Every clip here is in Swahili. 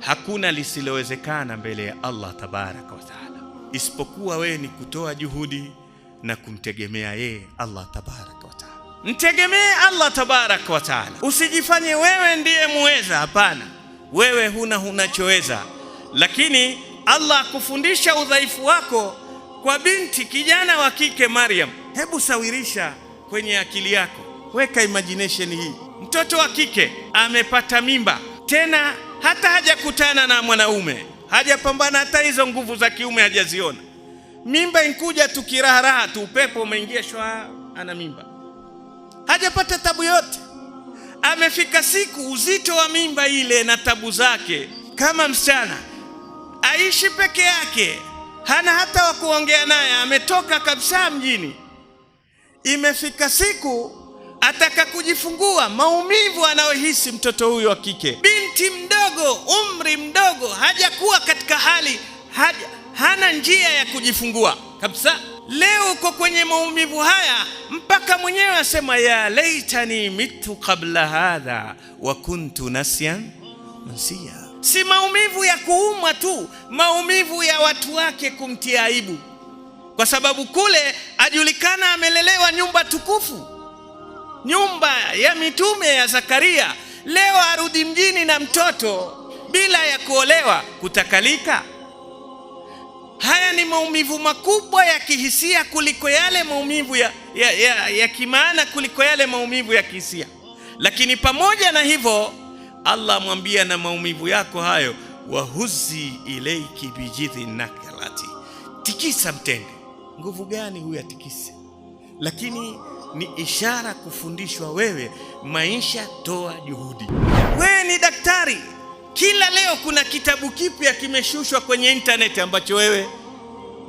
Hakuna lisilowezekana mbele ya Allah tabaraka wa taala, isipokuwa wewe ni kutoa juhudi na kumtegemea yeye Allah tabaraka wa taala. Mtegemee Allah tabaraka wa taala, usijifanye wewe ndiye muweza. Hapana, wewe huna unachoweza, lakini Allah akufundisha udhaifu wako kwa binti kijana wa kike Maryam. Hebu sawirisha kwenye akili yako, weka imagination hii, mtoto wa kike amepata mimba tena hata hajakutana na mwanaume, hajapambana hata hizo nguvu za kiume hajaziona. Mimba inkuja tu tu, upepo umeingia shwa, ana mimba, hajapata tabu yote. Amefika siku uzito wa mimba ile na tabu zake, kama msichana aishi peke yake, hana hata wa kuongea naye, ametoka kabisa mjini. Imefika siku ataka kujifungua, maumivu anayohisi mtoto huyo wa kike, binti mdogo mdogo, umri mdogo, hajakuwa katika hali haja, hana njia ya kujifungua kabisa. Leo uko kwenye maumivu haya mpaka mwenyewe asema ya laitani mitu qabla hadha wa kuntu nasian mansia. Si maumivu ya kuumwa tu, maumivu ya watu wake kumtia aibu, kwa sababu kule ajulikana amelelewa nyumba tukufu, nyumba ya mitume ya Zakaria. Leo arudi mjini na mtoto bila ya kuolewa, kutakalika. Haya ni maumivu makubwa ya kihisia kuliko yale maumivu ya, ya, ya, ya kimaana kuliko yale maumivu ya kihisia. Lakini pamoja na hivyo, Allah amwambia na maumivu yako hayo, wahuzi ilaiki bijidhi nakalati, tikisa mtende. Nguvu gani huyu atikise? Lakini ni ishara kufundishwa wewe maisha, toa juhudi. Wewe ni daktari, kila leo kuna kitabu kipya kimeshushwa kwenye intaneti ambacho wewe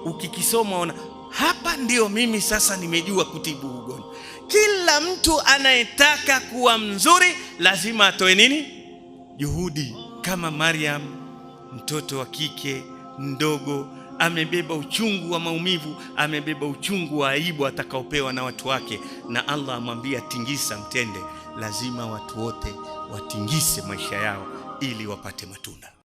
ukikisoma ona, hapa ndio mimi sasa nimejua kutibu ugonjwa. Kila mtu anayetaka kuwa mzuri lazima atoe nini? Juhudi, kama Mariam mtoto wa kike mdogo amebeba uchungu wa maumivu, amebeba uchungu wa aibu atakaopewa na watu wake, na Allah amwambia tingisa mtende. Lazima watu wote watingise maisha yao ili wapate matunda.